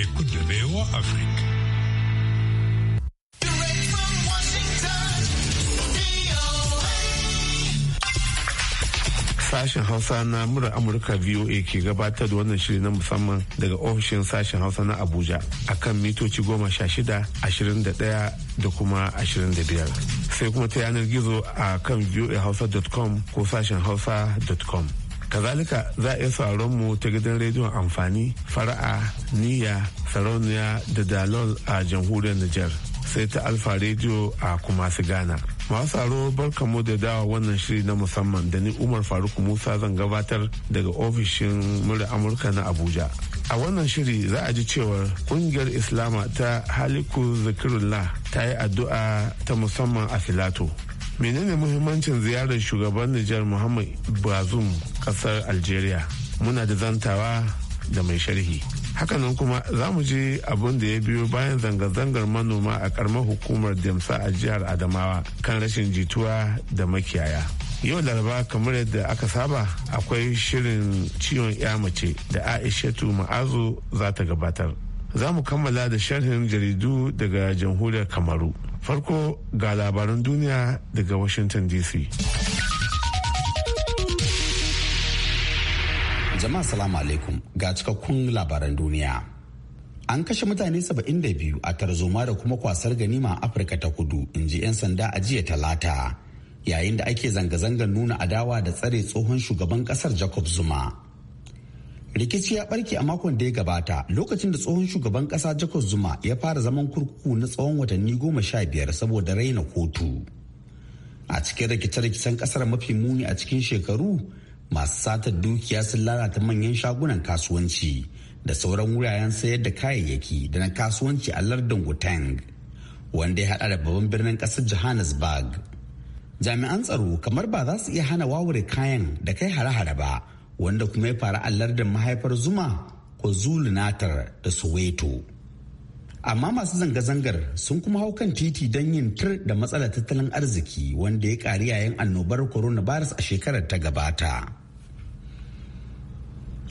l'écoute de Afrique. sashen hausa na mura amurka voa ke gabatar da wannan shiri na musamman daga ofishin sashen hausa na abuja a kan mitoci goma sha shida ashirin da daya da kuma ashirin da biyar sai kuma ta yanar gizo a kan voahausa.com ko sashen hausa.com kazalika za a iya sauran mu ta gidan rediyon amfani fara'a niyya sarauniya da dalol a jamhuriyar niger sai ta alfa rediyo a kuma su gana masu tsaro barkamu da dawa wannan shiri na musamman da ni umar faruk musa zan gabatar daga ofishin mura amurka na abuja a wannan shiri za a ji cewar kungiyar islama ta haliku zikirullah ta yi addu'a ta musamman a filato menene muhimmancin ziyarar shugaban nijar muhammad bazum kasar algeria muna da zantawa da mai sharhi hakanan kuma za mu je abin da ya biyo bayan zanga-zangar manoma a karamar hukumar demsa a jihar adamawa kan rashin jituwa da makiyaya yau laraba kamar yadda aka saba akwai shirin ciwon ya mace da aishatu ma'azu za ta gabatar za mu kammala da sharhin jaridu daga jamhuriyar kamaru farko ga labaran duniya daga washington dc Jama'a salamu alaikum ga cikakkun labaran duniya. An kashe mutane 72 a tarzoma da kuma kwasar ganima a Afirka ta kudu, in ji 'yan sanda a jiya talata. Yayin da ake zanga-zangar nuna adawa da tsare tsohon shugaban kasar Jacob Zuma. Rikici ya barke a makon da ya gabata lokacin da tsohon shugaban kasa Jacob Zuma ya fara zaman kurkuku na tsawon watanni goma sha biyar saboda raina kotu. A cikin rikice-rikicen kasar mafi muni a cikin shekaru, masu satar dukiya sun lalata manyan shagunan kasuwanci da sauran wuraren sayar da kayayyaki da na kasuwanci a lardin Gauteng wanda ya hada da babban birnin kasar Johannesburg. Jami'an tsaro kamar ba za su iya hana wawure kayan da kai hare-hare ba wanda kuma ya faru a lardin mahaifar Zuma ko Zulu da Soweto. Amma masu zanga-zangar sun kuma hau kan titi don yin tir da matsalar tattalin arziki wanda ya ƙari yayin annobar coronavirus a shekarar ta gabata.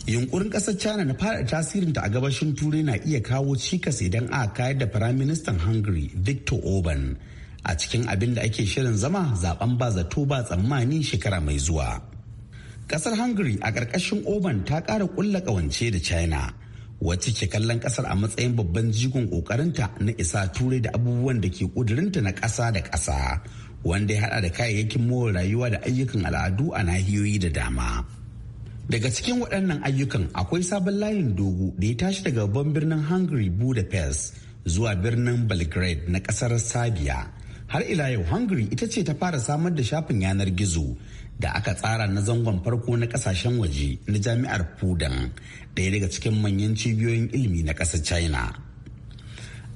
yunkurin ƙasar china na fara tasirinta a gabashin turai na iya kawo cikas idan aka kayar da firaministan hungary victor orban a cikin abin da ake shirin zama zaben ba zato ba tsammani shekara mai zuwa Ƙasar hungary a ƙarƙashin orban ta ƙara ƙulla ƙawance da china wacce ke kallon ƙasar a matsayin babban jigon ƙoƙarinta na isa turai da abubuwan da ke ƙudurinta na ƙasa da ƙasa wanda ya haɗa da kayayyakin more rayuwa da ayyukan al'adu a nahiyoyi da dama. Daga cikin waɗannan ayyukan akwai sabon layin dogo da ya tashi daga babban birnin Hungary Budapest zuwa birnin Belgrade na ƙasar Serbia. Har ila yau Hungary ita ce ta fara samar da shafin yanar gizo da aka tsara na zangon farko na ƙasashen waje na jami'ar Fudan ɗaya daga cikin manyan cibiyoyin ilimi na ƙasar China.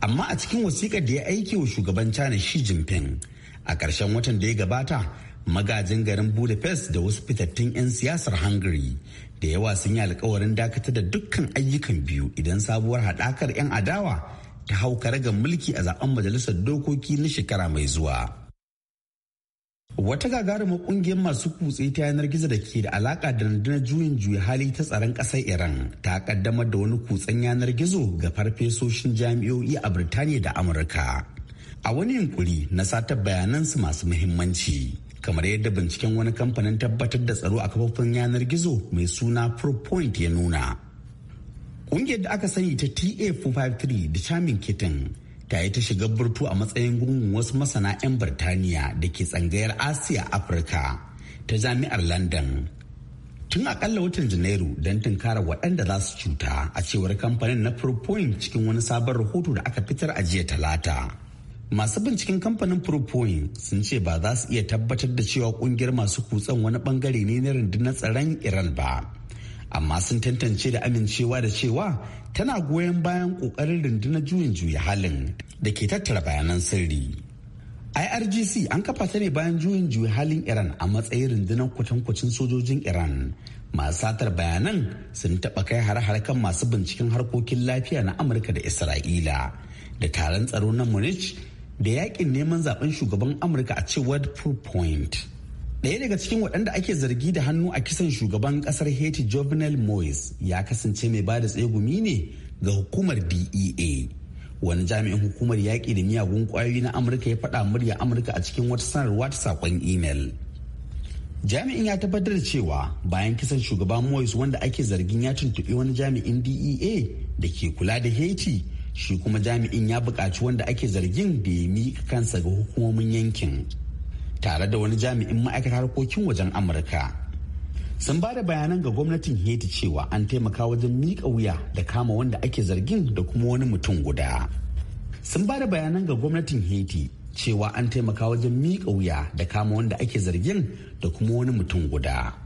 Amma a cikin wasiƙar da ya aike wa shugaban China Xi Jinping a ƙarshen watan da ya gabata magajin garin budapest da wasu fitattun 'yan siyasar hungary da yawa sun yi alkawarin dakatar da dukkan ayyukan biyu idan sabuwar haɗakar 'yan adawa ta hau karagar mulki a zaben majalisar dokoki na shekara mai zuwa wata gagarumar kungiyar masu kutse ta yanar gizo da ke da alaka da rundunar juyin juya hali ta tsaron ƙasar iran ta kaddamar da wani kutsen yanar gizo ga farfesoshin jami'o'i a birtaniya da amurka a wani yunkuri na satar bayanansu masu muhimmanci kamar yadda binciken wani kamfanin tabbatar da tsaro a kafofin yanar gizo mai suna propoint ya nuna ƙungiyar da aka sani ta ta453 da chamin kitin ta yi ta shiga burtu a matsayin gungun wasu masana 'yan birtaniya da ke tsangayar asiya afirka ta jami'ar london tun akalla watan janairu don tunkara waɗanda za su cuta a cewar kamfanin na propoint cikin wani sabon rahoto da aka fitar a jiya talata masu binciken kamfanin propoin sun ce ba za su iya tabbatar da cewa kungiyar masu kutsen wani bangare ne na rundunar tsaron iran ba amma sun tantance da amincewa da cewa tana goyon bayan kokarin rundunar juyin juya halin da ke tattara bayanan sirri irgc an kafa ta ne bayan juyin juya halin iran a matsayin rundunar kwatankwacin sojojin iran masu satar bayanan sun taɓa kai har-har kan masu binciken harkokin lafiya na amurka da isra'ila da taron tsaro na munich da yakin neman zaben shugaban amurka a cewar proof point Ɗaya daga cikin waɗanda ake zargi da hannu a kisan shugaban ƙasar Haiti Jovenel mois ya kasance mai bada tsegumi ne ga hukumar DEA. Wani jami'in hukumar yaƙi da miyagun ƙwayoyi na Amurka ya faɗa murya Amurka a cikin wata sanarwa ta saƙon imel. Jami'in ya tabbatar da cewa bayan kisan shugaban Moise wanda ake zargin ya tuntuɓi wani jami'in DEA da ke kula da Haiti shi kuma jami'in ya buƙaci wanda ake zargin da ya miƙa kansa ga hukumomin yankin tare da wani jami'in ma'aikatar harkokin wajen amurka sun ba da bayanan ga gwamnatin haiti cewa an taimaka wajen miƙa wuya da kama wanda ake zargin da kuma wani mutum guda sun ba da bayanan ga gwamnatin haiti cewa an taimaka wajen miƙa wuya da kama wanda ake zargin da kuma wani mutum guda.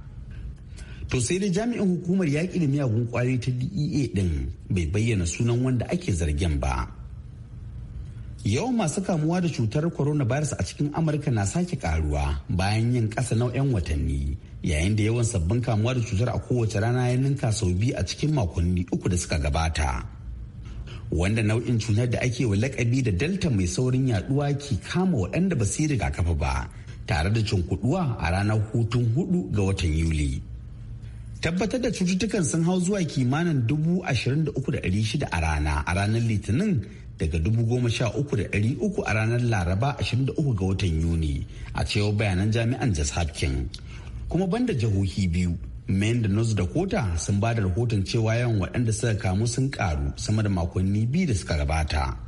To sai dai jami'in hukumar yaƙi da miyagun ƙwayoyi ta DEA din bai bayyana sunan wanda ake zargin ba. Yawan masu kamuwa da cutar corona coronavirus a cikin Amurka na sake karuwa bayan yin ƙasa nau'yan watanni yayin da yawan sabbin kamuwa da cutar a kowace rana ya ninka sau biyu a cikin makonni uku da suka gabata. Wanda nau'in cutar da ake wa lakabi da delta mai saurin yaduwa ke kama waɗanda ba su yi rigakafi ba tare da cunkuduwa a ranar hutun hudu ga watan Yuli. tabbatar da cututtukan sun hau zuwa kimanin 23,600 a rana a ranar litinin daga 13,300 a ranar laraba 23 ga watan yuni a cewa bayanan jami'an jas hapkin kuma banda jihohi biyu mayan da north dakota sun ba da rahoton cewa yawan waɗanda suka kamu sun karu sama da makonni biyu da suka gabata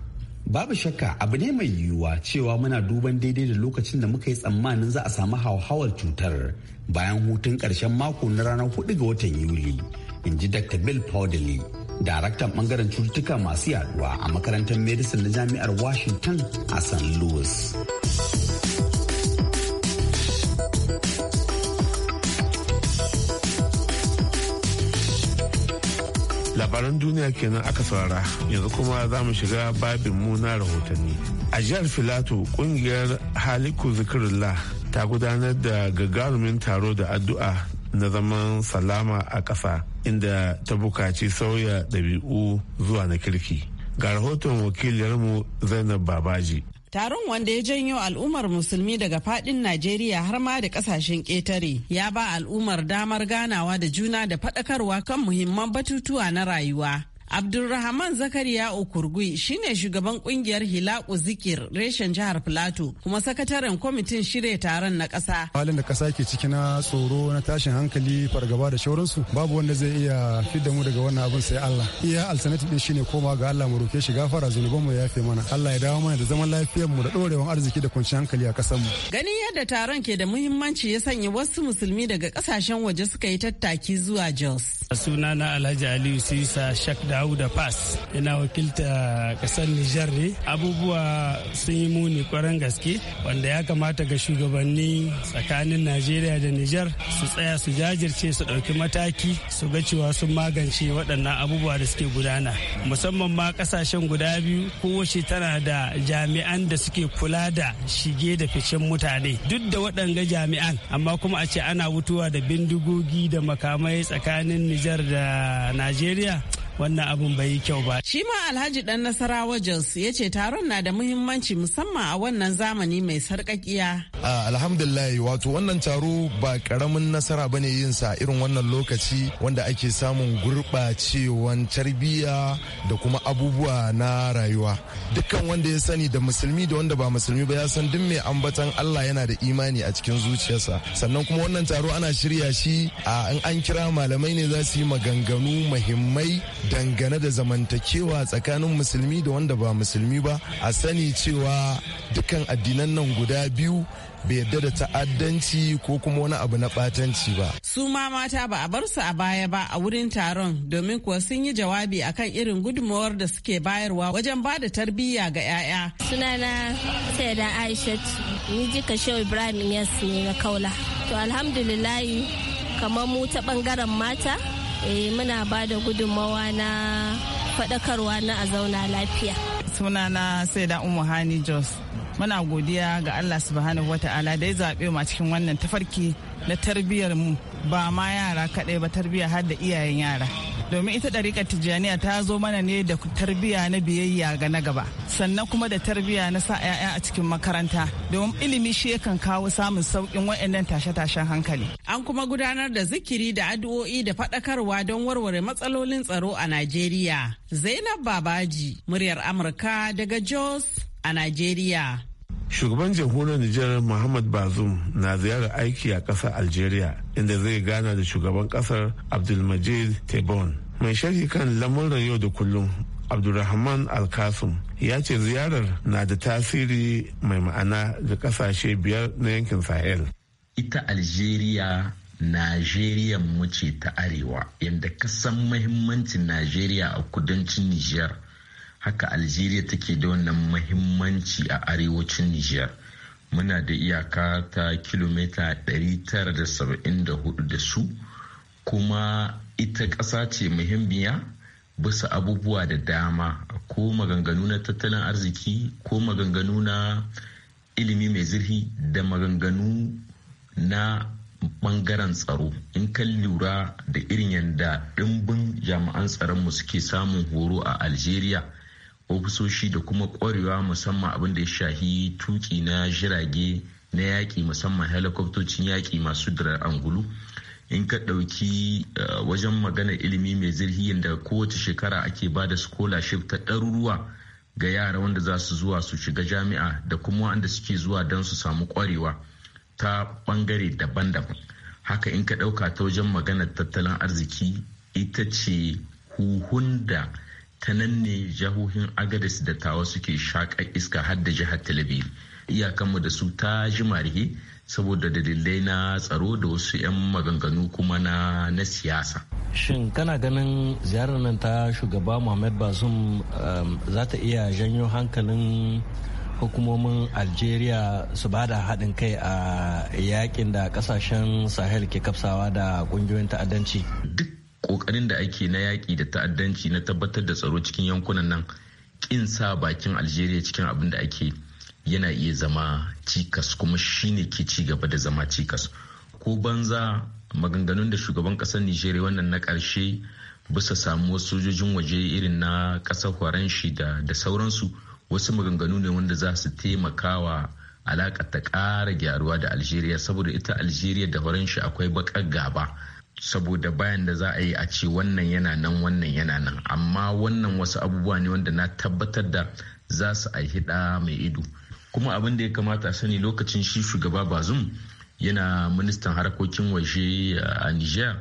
Babu shakka abu ne mai yiwuwa cewa muna duban daidai da lokacin da muka yi tsammanin za a samu hauhawar cutar bayan hutun ƙarshen mako na ranar 4 ga watan Yuli, in ji Dr. Bill Powderly, daraktan ɓangaren cututtuka masu yaduwa a makarantar medicine na jami'ar Washington a St. Louis. labaran duniya kenan aka saurara yanzu kuma za mu shiga babin mu na rahotanni a jihar filato kungiyar haliku zikirullah ta gudanar da gagarumin taro da addu'a na zaman salama a ƙasa inda ta bukaci sauya ɗabi'u zuwa na kirki ga rahoton wakiliyarmu zainab babaji Taron wanda ya janyo al'ummar musulmi daga fadin Najeriya har ma da kasashen ƙetare ya ba al'ummar damar ganawa da juna da faɗakarwa kan muhimman batutuwa na rayuwa. Abdulrahman Zakariya Okurgui shine shugaban kungiyar Hilaku Zikir reshen jihar Filato kuma sakataren kwamitin shirya taron na kasa. Halin da ƙasa ke ciki na tsoro na tashin hankali fargaba da shauransu babu wanda zai iya fidda mu daga wannan abin sai Allah. Iya alternative din shine koma ga Allah mu roke shi gafara zunuban mu yafe mana. Allah ya dawo mana da zaman lafiyar mu da dorewan arziki da kwanciyar hankali a kasar mu. Ganin yadda taron ke da muhimmanci ya sanya wasu musulmi daga kasashen waje suka yi tattaki zuwa Jos. Sunana Alhaji Aliyu Sisa Shakda da Pass ina wakilta kasar Nijar ne abubuwa sun yi muni kwaran gaske wanda ya kamata ga shugabanni tsakanin Najeriya da Nijar su tsaya su jajirce su ɗauki mataki su ga cewa sun magance waɗannan abubuwa da suke gudana musamman ma ƙasashen guda biyu kowace tana da jami'an da suke kula da shige da ficen mutane duk da waɗanga jami'an amma kuma a ce ana wutuwa da bindigogi da makamai tsakanin Nijar da Najeriya wannan abin bai yi kyau ba. Shi ma Alhaji Dan Nasarawa Jos ya ce taron na da muhimmanci musamman a wannan zamani mai sarkakiya. Alhamdulillah wato wannan taro ba karamin nasara ba ne yinsa irin wannan lokaci wanda ake samun gurɓacewan tarbiyya da kuma abubuwa na rayuwa. Dukkan wanda ya sani da musulmi da wanda ba musulmi ba ya san duk mai ambatan Allah yana da imani a cikin zuciyarsa. Sannan kuma wannan taro ana shirya shi a in an kira malamai ne za su yi maganganu muhimmai dangane da zamantakewa tsakanin musulmi da wanda ba musulmi ba a sani cewa dukkan addinan nan guda biyu bai yadda da ta'addanci ko kuma wani abu na batanci ba. Su ma mata ba a bar su a baya ba a wurin taron domin kuwa sun yi jawabi akan irin gudunmawar da suke bayarwa wajen ba da tarbiyya ga 'ya'ya. Sunana Sayyida Aisha ni ka Shehu Ibrahim Yas ne na Kaula. To alhamdulillahi kamar mu ta bangaren mata eh muna ba da gudunmawa na faɗakarwa na a zauna lafiya sunana sai da umu hani jos muna godiya ga allah subhanahu wata'ala da ya zaɓe mu cikin wannan tafarki na tarbiyyar mu ba ma yara kaɗai ba tarbiyya har da iyayen yara domin ita ɗariƙar tijjaniya ta zo mana ne da tarbiyya na biyayya ga na gaba sannan kuma da tarbiyya na sa 'ya'ya a cikin makaranta domin ilimi shi yakan kawo samun sauƙin wa'annan tashe-tashen hankali. An kuma gudanar da zikiri da addu'o'i da faɗakarwa don warware matsalolin tsaro a Najeriya. Zainab Babaji, muryar Amurka daga Jos a Najeriya. shugaban jamhuriyar nijar muhammad bazoum na ziyarar aiki a ƙasar algeria inda zai gana da shugaban ƙasar abdulmajid tebon mai sharhi kan lamuran yau da kullum abdulrahman alkasum ya ce ziyarar na da tasiri mai ma'ana ga ƙasashe biyar na yankin sahel ita algeria najeriya mu ce ta arewa yadda kasan mahimmancin najeriya a kudancin nijar haka algeria take da wannan muhimmanci a arewacin niger muna da iyaka ta kilomita 974 da su kuma ita ƙasa ce muhimmiya bisa abubuwa da dama ko maganganu na tattalin arziki ko maganganu na ilimi mai zurfi da maganganu na bangaren tsaro in kan lura da irin yadda ɗimbin jami'an tsaronmu suke samun horo a algeria ofisoshi da kuma kwarewa musamman abin da ya shahi tuki na jirage na yaƙi musamman helikoptocin yaƙi masu dirar angulu in ka ɗauki eh, wajen magana ilimi mai zirhi yadda kowace shekara ake ba da scholarship ta ɗaruruwa ga yara wanda za su zuwa su shiga jami'a da kuma wanda suke zuwa don su samu kwarewa ta ɓangare daban-daban haka in ka ɗauka ta wajen magana tattalin arziki ita ce huhun da ta nan ne jihohin agadis da tawa suke shaƙa iska har da jihar talabi iyakanmu da su ta ji marihi saboda dalilai na tsaro da wasu 'yan maganganu kuma na, na siyasa shin kana ganin ziyarar nan ta shugaba muhammad bazum um, za ta iya janyo hankalin hukumomin algeria su ba da haɗin kai a yakin da kasashen sahel ke kafsawa da ƙungiyoyin ta'addanci duk kokarin da ake na yaƙi da ta'addanci na tabbatar da tsaro cikin yankunan nan kin sa bakin algeria cikin abin da ake yana iya zama cikas kuma shine ke ci gaba da zama cikas ko banza maganganun da shugaban kasar nigeria wannan na ƙarshe bisa wasu sojojin waje irin na ƙasar faranshi da, da sauransu wasu maganganu ne wanda za su taimakawa alaƙa ta ƙara gyaruwa da algeria saboda ita algeria da faranshi akwai baƙar gaba saboda bayan da za a yi a ce wannan yana nan wannan yana nan amma wannan wasu abubuwa ne wanda na tabbatar da za su aihi ɗa mai ido kuma abin da ya kamata sani lokacin shi shugaba bazum yana ministan harkokin waje uh, a niger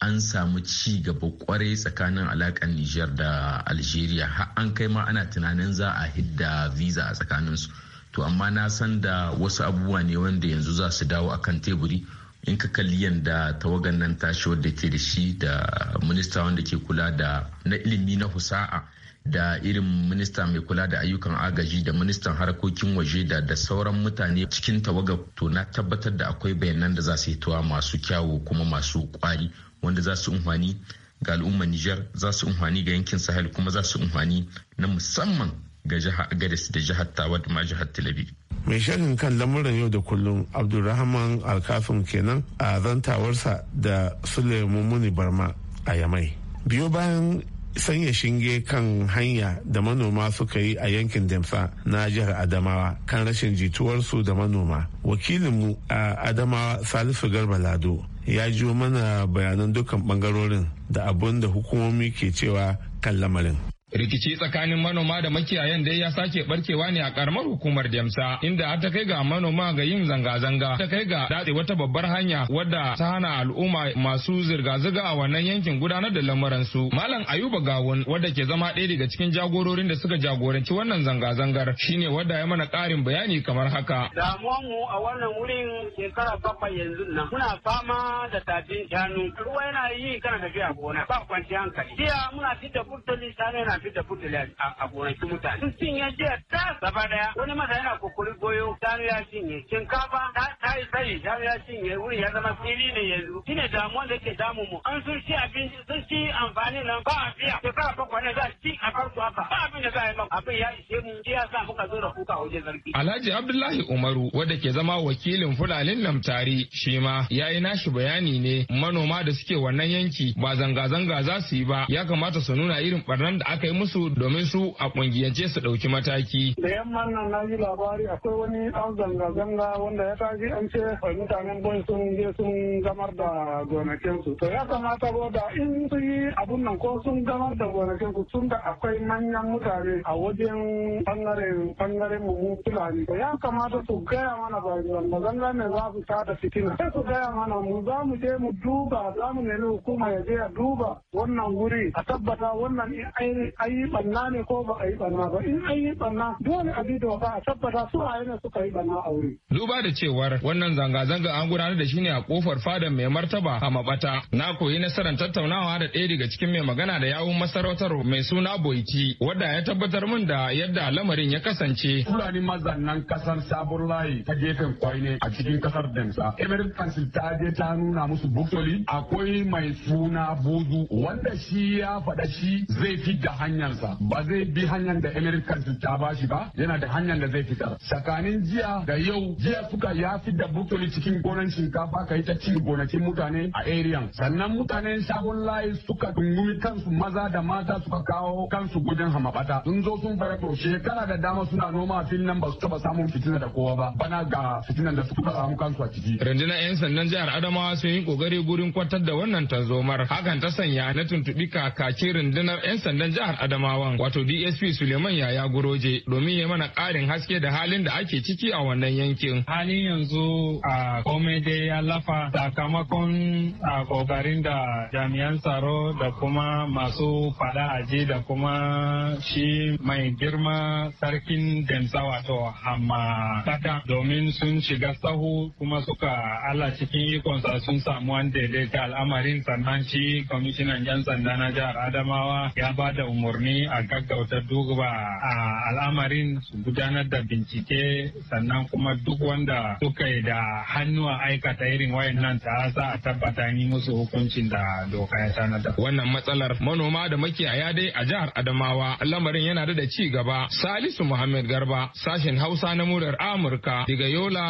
an samu ci gaba kwarai tsakanin alakan niger da algeria har an kai ma ana tunanin za a hidda visa a tsakaninsu to amma na san da wasu abubuwa ne wanda yanzu za su dawo akan teburi in ka kalli yadda tawagan nan ta tashi wadda ke da shi da minista wanda ke kula da na ilimi na husa'a da irin minista mai kula da ayyukan agaji da ministan harkokin waje da da sauran mutane cikin tawaga to na tabbatar da akwai bayanan da za su hitowa masu kyawu kuma masu kwari wanda za su umfani ga al'ummar Nijar za su umfani ga yankin Sahel kuma za su umfani na musamman ga jihar agadis da jihar tawa ma jihar talabi mai shirin kan lamuran yau da kullum abdulrahman alkafin kenan a zantawarsa da suleiman muni barma a yamai biyo bayan sanya shinge kan hanya da manoma suka yi a yankin demsa na jihar adamawa kan rashin jituwarsu da manoma wakilinmu a adamawa salisu garba lado ya ji mana bayanan dukkan bangarorin da abun da hukumomi ke cewa kan lamarin Rikici tsakanin manoma da makiyayan dai ya sake barkewa ne a karamar hukumar Jamsa inda ta kai ga manoma ga yin zanga-zanga ta kai ga datse wata babbar hanya wadda ta hana al'umma masu zirga-zirga a wannan yankin gudanar da lamuransu. Malam Ayuba Gawun wadda ke zama ɗaya daga cikin jagororin da suka jagoranci wannan zanga-zangar shine wadda ya mana ƙarin bayani kamar haka. Damuwan mu a wannan wurin shekara bakwai yanzu nan muna fama da tafin shanu ruwa yana yi kana tafiya gona ba kwanciyar hankali. Jiya muna fitar burtali shanu fita da a gonaki mutane. Sun cinye jiya ta gaba daya wani masa yana kokuri goyo shanu ya cinye shinkafa ta yi sai shanu ya cinye wuri ya zama fili ne yanzu. shine ne damuwan da ke damu mu an sun ci abinci sun ci amfani nan ba a biya shekara ne za a ci a farko haka ba abin da za a yi maka abin ya ishe mu ji ya sa muka zo da kuka waje zargi. Alhaji Abdullahi Umaru wanda ke zama wakilin Fulanin Lamtari shi ma ya yi nashi bayani ne manoma da suke wannan yanki ba zanga-zanga za su yi ba ya kamata su nuna irin barnan da aka yi yi musu domin su a kungiyance su ɗauki mataki. Da yamma nan na yi labari akwai wani an zanga-zanga wanda ya tashi an ce mutanen bai sun je sun gamar da gonakinsu. To ya kamata da in sun yi abun nan ko sun gamar da gonakinsu tun da akwai manyan mutane a wajen bangaren bangaren mu Fulani. To ya kamata su gaya mana ba zanga ne za su tada fitina. Sai su gaya mana mu za mu je mu duba za mu nemi hukuma ya je ya duba wannan wuri a tabbata wannan ainihin an yi banna ne ko ba a yi banna ba in an yi banna dole a bi doka a tabbata su a yana suka yi banna a wuri. Duba da cewar wannan zanga-zanga an gudanar da shi ne a kofar fadar mai martaba a mabata. Na koyi nasarar tattaunawa da ɗaya daga cikin mai magana da yawun masarautar mai suna Boiti wadda ya tabbatar min da yadda lamarin ya kasance. Fulani mazannan kasar sabon layi ta gefen kwaine a cikin kasar Demsa. emir Kansil ta je ta nuna musu buksoli akwai mai suna Buzu wanda shi ya faɗa shi zai fi da hanyar hanyarsa ba zai bi hanyar da american ta bashi ba yana da hanyar da zai fitar tsakanin jiya da yau jiya suka ya fi da burtoli cikin gonan shinkafa ka yi ta cin gonakin mutane a area sannan mutanen shagon layi suka dungumi kansu maza da mata suka kawo kansu gudun hamabata sun zo sun fara to shekara da dama suna noma a filin nan ba su taba samun fitina da kowa ba bana ga fitinan da suka samu kansu a ciki rundunar yan sandan jihar adamawa sun yi kokari gurin kwantar da wannan tanzomar hakan ta sanya na tuntubi kakakin rundunar yan sandan jihar Adamawan wato DSP Suleiman Yaya Guroje domin ya mana ƙarin haske da halin da ake ciki a wannan yankin. Halin yanzu a komai dai ya lafa sakamakon a kokarin da jami'an tsaro da kuma masu fada aje da kuma shi mai girma sarkin Demsa wato Amma Tata domin sun shiga sahu kuma suka ala cikin ikonsa sun samu wanda daidaita al'amarin sannan shi kwamishinan 'yan sanda na jihar Adamawa ya ba da umarni umarni a gaggauta duba a al'amarin su gudanar da bincike sannan kuma duk wanda suka yi da hannu a aikata irin wayan nan ta sa a tabbata ni musu hukuncin da doka ya da. Wannan matsalar manoma da makiyaya dai a jihar Adamawa lamarin yana da ci gaba. Salisu Muhammad Garba sashen Hausa na murar Amurka daga Yola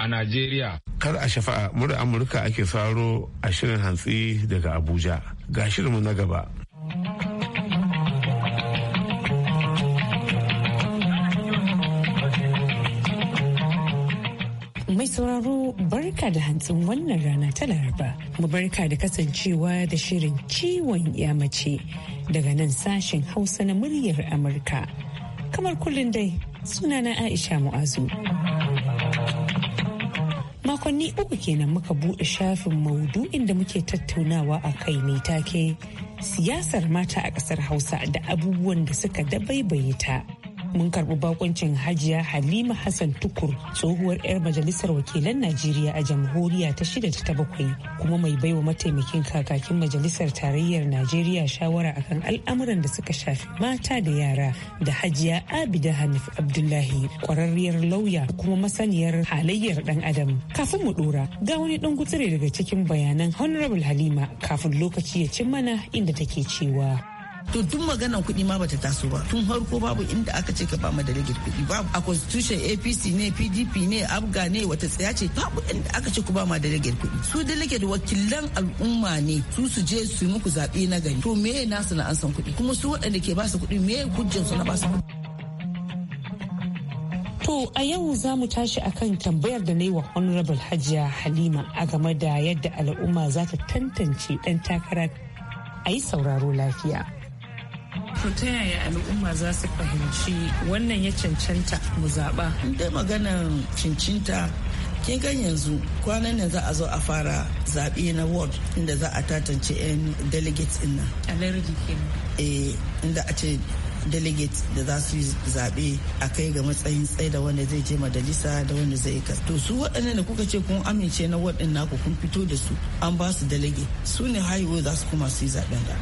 a Najeriya. Kar a shafa'a murar Amurka ake faro a shirin hantsi daga Abuja. Ga shirinmu na gaba. Mai sauraro barka da hantsin wannan rana ta Laraba. Mu barka da kasancewa da shirin ciwon ya mace daga nan sashen Hausa na muryar Amurka. Kamar kullum dai sunana Aisha Mu'azu. Makonni uku kenan muka buɗe shafin maudu'in da muke tattaunawa a kai mai take siyasar mata a ƙasar Hausa da abubuwan da suka dabaibaye mun karbi bakoncin hajiya halima hassan tukur tsohuwar 'yar majalisar wakilan najeriya a jamhuriya ta shida ta bakwai kuma mai baiwa mataimakin kakakin majalisar tarayyar najeriya shawara akan al'amuran da suka shafi mata da yara da hajiya abida hanif abdullahi kwararriyar lauya kuma masaniyar halayyar dan adam kafin mu dora ga wani dan gutsire daga cikin bayanan honorable halima kafin lokaci ya cin mana inda take cewa to tun maganan kuɗi ma bata taso ba tun harko babu inda aka ce ka ba ma delegate kuɗi babu a constitution apc ne pdp ne abga ne wata tsaya ce babu inda aka ce ku ba ma delegate kuɗi su delegate wakilan al'umma ne su su je su yi muku zaɓe na gani to meye nasu na an san kuɗi kuma su waɗanda ke ba su kuɗi meye su na ba su kuɗi To a yau za mu tashi akan tambayar da na yi wa Honorable Hajiya Halima a game da yadda al'umma za ta tantance ɗan takarar a yi sauraro lafiya. to ta yaya al'umma za su fahimci wannan ya cancanta mu zaɓa. dai maganar cincinta kin gan yanzu kwanan nan za a zo a fara zaɓe na ward inda za a tantance 'yan delegates ɗin nan. alarji kenan. Eh, inda a ce delegates da za su yi zaɓe a kai ga matsayin tsaye da wanda zai je majalisa da wanda zai kas to su waɗannan da kuka ce kun amince na ward din naku kun fito da su an ba su delegate su ne haihuwa za su kuma su yi zaɓen da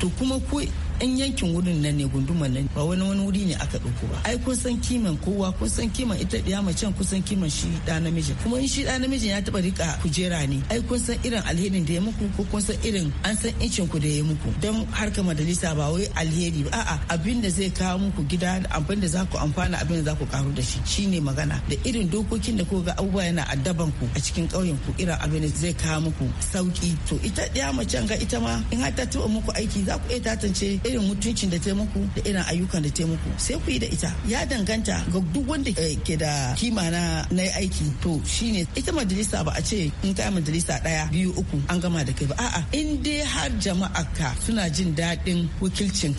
to kuma ku 'yan yankin wurin nan ne gunduma nan ba wani wani wuri ne aka ɗauko ba ai kun san kiman kowa kun san kiman ita ɗiya macen kun san kiman shi ɗa namijin kuma in shi ɗa namijin ya taɓa rika kujera ne ai kun san irin alherin da ya muku ko kun san irin an san incin ku da ya muku don harka majalisa ba wai alheri ba a'a abin da zai kawo muku gida abin da za ku amfana abin da za ku karu da shi shine magana da irin dokokin da kuka ga abubuwa yana addaban ku a cikin ƙauyen ku irin abin da zai kawo muku sauki to ita ɗiya macen ga ita ma in har ta taɓa muku aiki za ku iya tantance irin mutuncin da taimako da irin ayyukan da taimako sai ku yi da ita ya danganta ga duk wanda eh, ke da kima na na aiki to shine ita majalisa ba a ce in ta majalisa daya biyu uku an gama da kai ba a'a in dai har jama'a ka suna jin daɗin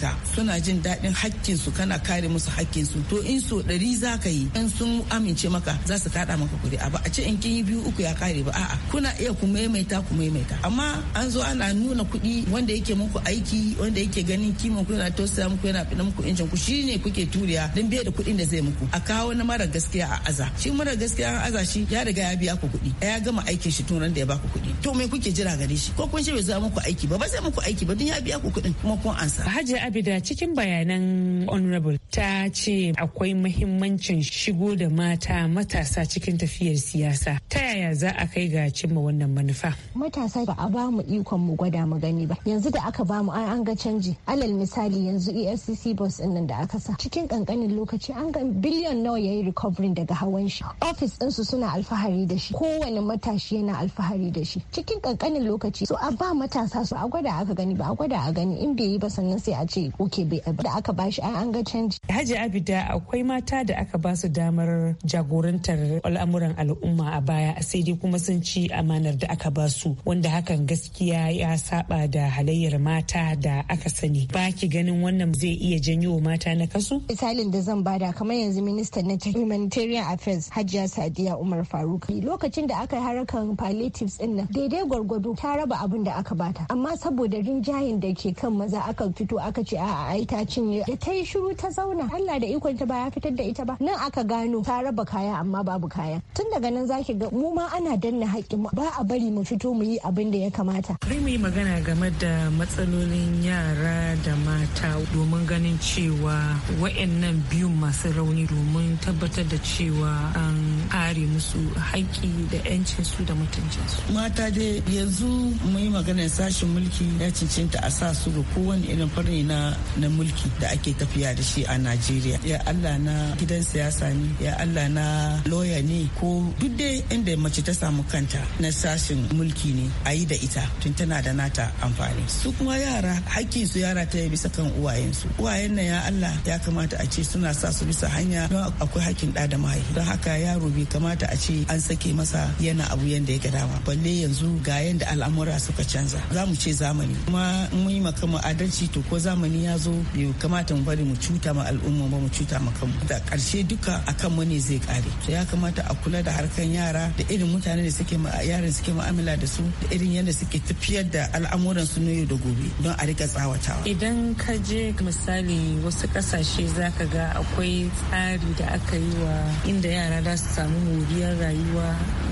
ka suna jin daɗin hakkin su kana kare musu hakkin su to in so ɗari za ka yi in sun amince maka za su kaɗa maka a ba a ce in kin yi biyu uku ya kare ba a'a kuna iya ku maimaita ku maimaita amma an zo ana nuna kuɗi wanda yake muku aiki wanda yake ganin kiman ku yana tausaya muku yana fina muku injin ku shine kuke turiya dan biye da kuɗin da zai muku a kawo na mara gaskiya a aza shi mara gaskiya a aza shi ya riga ya biya ku kuɗi ya gama aikin shi tun da ya baku kuɗi to me kuke jira gare shi ko kun shi bai zo muku aiki ba ba zai muku aiki ba dun ya biya ku kuɗin kuma kun ansa Hajiya Abida cikin bayanan honorable ta ce akwai muhimmancin shigo da mata matasa cikin tafiyar siyasa ta yaya za a kai ga cimma wannan manufa matasa ba a ba mu ikon mu gwada mu gani ba yanzu da aka ba mu an ga canji allah alal misali yanzu efcc bus nan da aka sa cikin kankanin lokaci an ga biliyan nawa ya yi recovery daga hawan shi ofis ɗinsu suna alfahari da shi kowane matashi yana alfahari da shi cikin kankanin lokaci so a ba matasa su a gwada aka gani ba a gwada a gani in bai yi ba sannan sai a ce oke bai da aka bashi shi an ga canji Hajji Abida akwai mata da aka ba su damar jagorantar al'amuran al'umma a baya sai dai kuma sun ci amanar da aka ba su wanda hakan gaskiya ya saba da halayyar mata da aka sani baki ganin wannan zai iya janyo mata na kasu? Misalin da zan bada kamar yanzu ministan na humanitarian affairs Hajiya Sadiya Umar Faruk. Lokacin da aka yi harakan palliatives din nan daidai gwargwado ta raba abin da aka bata amma saboda rinjayin da ke kan maza aka fito aka ce a ai ta cinye da ta yi shiru ta zauna Allah da ikon ta baya fitar da ita ba nan aka gano ta raba kaya amma babu kaya tun daga nan zaki ga mu ma ana danna haƙƙin mu ba a bari mu fito mu yi abin da ya kamata. Bari mu yi magana game da matsalolin yara da mata domin ganin cewa wa'annan biyun masu rauni domin tabbatar da cewa an kare musu haƙƙi da 'yancinsu da mutuncinsu. Mata dai yanzu mu yi maganar sashen mulki ya cancanta a sa su ga kowane irin farni na mulki da ake tafiya da shi a Najeriya. Ya Allah na gidan siyasa ne, ya Allah na loya ne ko duk dai inda mace ta samu kanta na sashen mulki ne a yi da ita tun tana da nata amfani. Su kuma yara hakkin su yara ta yi bisa kan uwayensu uwayen nan ya Allah ya kamata a ce suna sa su bisa hanya don akwai hakkin da da mahaifi don haka yaro bai kamata a ce an sake masa yana abu yanda ya ga dama balle yanzu ga yanda al'amura suka canza za mu ce zamani kuma mun yi makamu adalci to ko zamani ya zo bai kamata mu bari mu cuta ma al'umma ba mu cuta ma kanmu da karshe duka akan mu ne zai kare to ya kamata a kula da harkan yara da irin mutane da suke yaran suke mu'amala da su da irin yadda suke tafiyar da al'amuran su ne da gobe don a rika tsawatawa idan ka je misali wasu kasashe zaka ga akwai tsari da aka yi wa inda yara za su samu moriyar rayuwa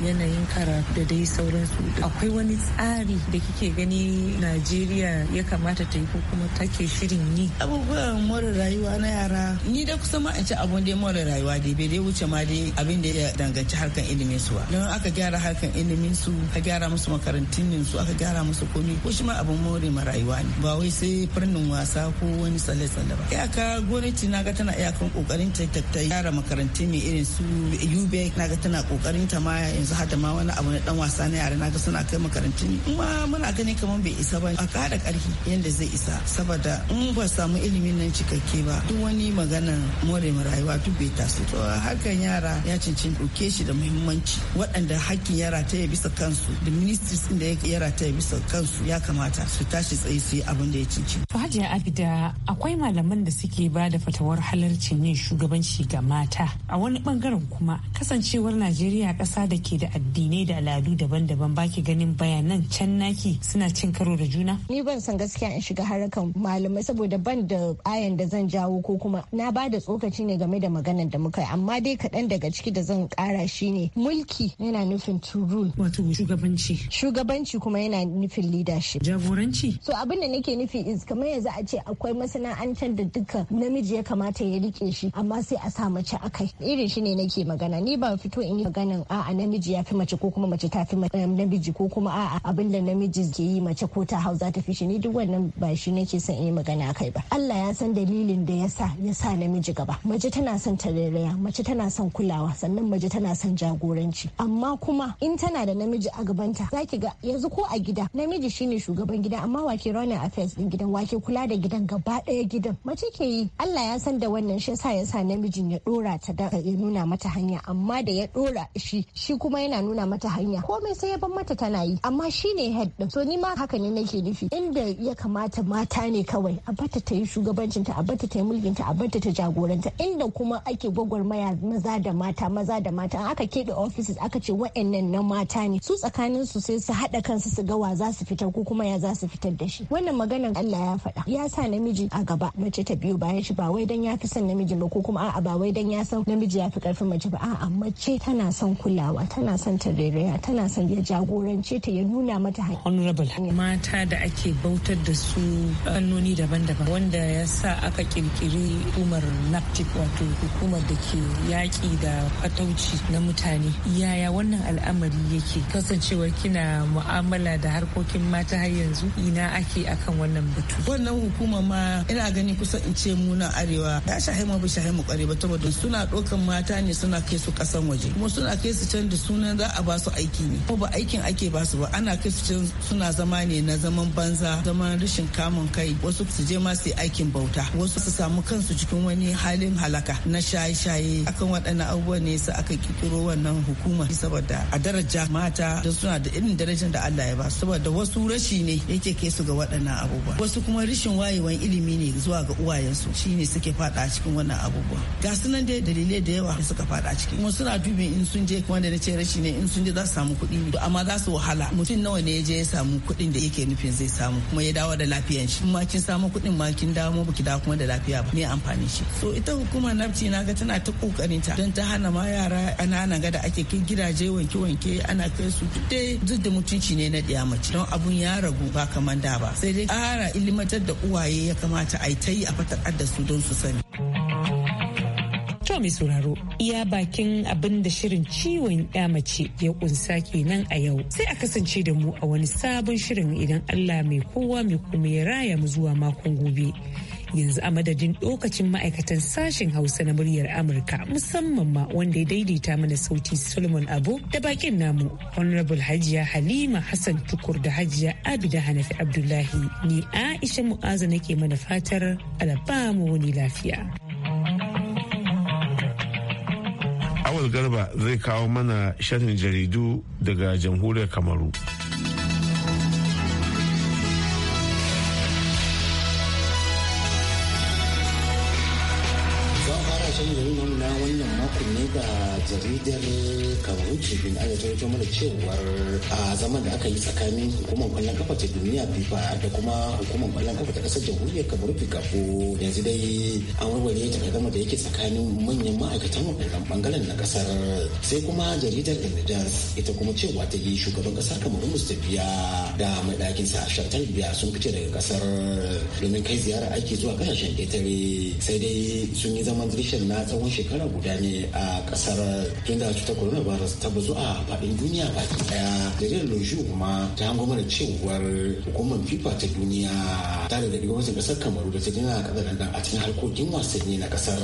yanayin karatu da dai sauransu akwai wani tsari da kike gani najeriya ya kamata ta yi ko kuma take shirin yi abubuwan more rayuwa na yara ni da kusa ma ce abun dai more rayuwa dai bai dai wuce ma dai abin da ya danganci harkan ilimin su ba don aka gyara harkan ilimin su aka gyara musu makarantun su aka gyara musu komi ko shi ma abun more ma rayuwa ne ba wai sai birnin yin wasa ko wani tsalle-tsalle ba iyaka gwamnati na ga tana iyakan kokarin ta ta yara makarantu ne irin su ube na ga tana kokarin ta ma yanzu hada ma wani abu na dan wasa na yara na ga suna kai makarantun kuma muna gani kamar bai isa ba a kada karfi yanda zai isa saboda in ba samu ilimin nan cikakke ba duk wani maganan more rayuwa duk bai taso to hakan yara ya cincin ɗauke shi da muhimmanci waɗanda hakkin yara ta yi bisa kansu da ministries da yara ta ya bisa kansu ya kamata su tashi tsaye su yi abin da ya cinci hajiya abida akwai malaman da suke ba da fatawar halarcin yin shugabanci ga mata a wani bangaren kuma kasancewar najeriya ƙasa da ke da addinai da al'adu daban-daban baki ganin bayanan can naki suna cin karo da juna ni ban san gaskiya in shiga harkan malamai saboda ban da ayan da zan jawo ko kuma na ba da tsokaci ne game da maganar da muka yi amma dai kaɗan daga ciki da zan kara shine mulki yana nufin to rule wato shugabanci shugabanci kuma yana nufin leadership jagoranci so abin da nake nufi is kamar yanzu a ce akwai masana'antar da duka namiji ya kamata ya rike shi amma sai a sa mace akai irin shi ne nake magana ni ba fito in yi maganan a'a namiji ya fi mace ko kuma mace ta fi eh, namiji ko kuma a'a abin da namiji ke yi mace ko ta hau za ta fi shi ni duk wannan ba shi nake son in yi magana kai ba Allah ya san dalilin da ya sa ya sa namiji gaba mace tana son tarairaya mace tana son kulawa sannan mace tana son jagoranci amma kuma in tana da namiji a gabanta zaki ga yanzu ko a gida namiji shine shugaban gida amma wake running affairs din gidan wake kula da gidan gaba ɗaya gidan mace ke yi Allah ya san da wannan shi yasa ya sa namijin ya dora ta da ya nuna mata hanya amma da ya dora shi shi kuma yana nuna mata hanya komai sai ya bar mata tana yi amma shi ne head din so ni ma haka ne nake nufi inda ya kamata mata ne kawai a bata ta yi shugabancin ta a bata ta yi mulkin ta a bata ta jagoranta inda kuma ake gwagwarmaya maza da mata maza da mata aka keɓe offices aka ce wa'annan na mata ne su tsakanin su sai su haɗa kansu su ga wa za su fitar ko kuma ya za su fitar da shi wannan maganar Allah ya faɗi. faɗa ya sa namiji a gaba mace ta biyu bayan shi ba wai dan ya fi son namiji ba ko kuma a'a ba wai dan ya san namiji ya fi karfin mace ba a'a mace tana son kulawa tana son tarairaya tana son ya jagorance ta ya nuna mata hanya mata da ake bautar da su fannoni daban-daban wanda ya sa aka kirkiri Umar naptic wato hukumar da ke yaƙi da fatauci na mutane yaya wannan al'amari yake Kasancewa kina mu'amala da harkokin mata har yanzu ina ake akan wannan batu wannan hukuma ma ina gani kusa in ce mu arewa ya shahe ma ba shahe mu kware ba saboda suna ɗaukan mata ne suna kai su kasan waje kuma suna kai su can da sunan za a ba su aiki ne ko ba aikin ake ba su ba ana kai su can suna zama ne na zaman banza zaman rashin kamun kai wasu su je ma su aikin bauta wasu su samu kansu cikin wani halin halaka na shaye-shaye akan waɗannan abubuwan ne su aka kikiro wannan hukuma saboda a daraja mata don suna da irin darajar da Allah ya ba saboda wasu rashi ne yake kai su ga waɗannan abubuwa wasu kuma rashin wayewan ilimi ne zuwa ga uwayensu shine suke fada cikin wannan abubuwa ga su nan dalilai da yawa da suka fada ciki kuma suna dubin in sun je wanda na ce rashi ne in sun je za su samu kuɗi ne amma za su wahala mutum nawa ne ya je ya samu kuɗin da yake nufin zai samu kuma ya dawo da lafiyan shi kuma kin samu kuɗin ma kin dawo baki dawo kuma da lafiya ba ne amfani shi so ita hukuma nafci na ga tana ta kokarin ta don ta hana ma yara ana ga da ake kai gidaje wanke-wanke ana kai su duk da mutunci ne na ɗiya mace don abun ya ragu ba kamar da ba sai dai ƙara ilimatar da uwaye ya kamata a yi ta yi a fatakar da su don su sani. To mai sauraro iya bakin abin da shirin ciwon ya mace ya kunsa kenan a yau sai a kasance da mu a wani sabon shirin idan Allah mai kowa mai kuma ya raya mu zuwa makon gobe. yanzu a madadin lokacin ma'aikatan sashen hausa na muryar amurka musamman ma wanda ya daidaita mana sauti solomon abu da bakin namu honorable hajiya halima hassan tukur da hajiya abida hanafi abdullahi ni aisha mu'azu nake mana fatar alabama wani lafiya awal garba zai kawo mana shirin jaridu daga jamhuriyar kamaru Bye. jaridar kamaru tribune an ta mana cewar a zaman da aka yi tsakanin hukumar kwallon kafa ta duniya fifa da kuma hukumar kwallon kafa ta kasar jamhuriyar kamaru fikafo yanzu dai an warware ta gama da yake tsakanin manyan ma'aikatan waɗannan bangaren na kasar sai kuma jaridar indidans ita kuma cewa ta yi shugaban kasar kamaru biya. da mai ɗakin sa shartar biya sun fice daga kasar domin kai ziyara ake zuwa kasashen ƙetare sai dai sun yi zaman dirshin na tsawon shekara guda ne a kasar tunda cutar cutar coronavirus ta bazu a faɗin duniya baki daya jaridar lojiyo kuma ta hango mana cewar hukumar fifa ta duniya ta da gwamnatin kasar kamaru da ta gina kasar dandan. a cikin harkokin wasanni na kasar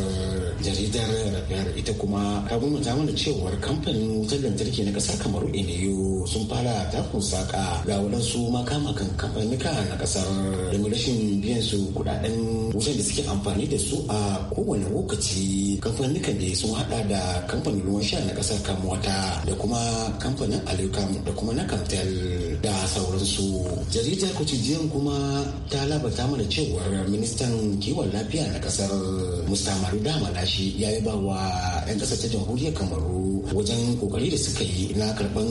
jaridar rafiyar ita kuma ta gwamnata mana cewar kamfanin wutar lantarki na kasar kamaru eniyo sun fara takun saka ga waɗansu makamakan kamfanika na kasar da rashin biyan su kuɗaɗen wutar da suke amfani da su a kowane lokaci kamfanin da sun hada da kamfanin ruwan sha na kasar kamuwata da kuma kamfanin alukamu da kuma na kamtel da sauransu jaridar kucijiyar kuma ta labarta mana cewar ministan kiwon lafiya na kasar na shi ya yi ba wa 'yan kasar ta jamhuriyar kamaru wajen kokari da suka yi na karban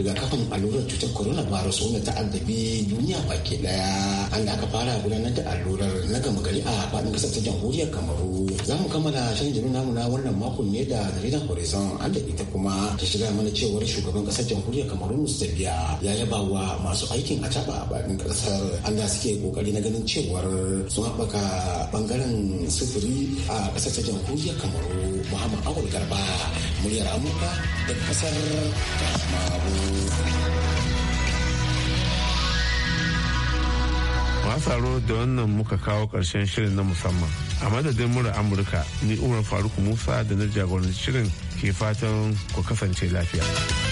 rigakafin allurar cutar coronavirus wanda ta addabi duniya baki daya an da aka fara gudanar da allurar na gama gari a faɗin kasar ta jamhuriyar kamaru za mu kammala shan jirgin namu na wannan makon ne da jaridar horizon an da ita kuma ta shiga mana cewar shugaban kasar jamhuriyar kamaru biya ya yaba wa masu aikin a caba a baɗin kasar Allah suke kokari na ganin cewar sun haɓaka ɓangaren sufuri a ƙasar ta jamhuriyar kamaru Muhammad Awul Garba muryar Amurka da ƙasar Masaro da wannan muka kawo ƙarshen shirin na musamman. A madadin mura Amurka, ni Umar Faruk Musa da na jagoranci shirin ke fatan ku kasance lafiya.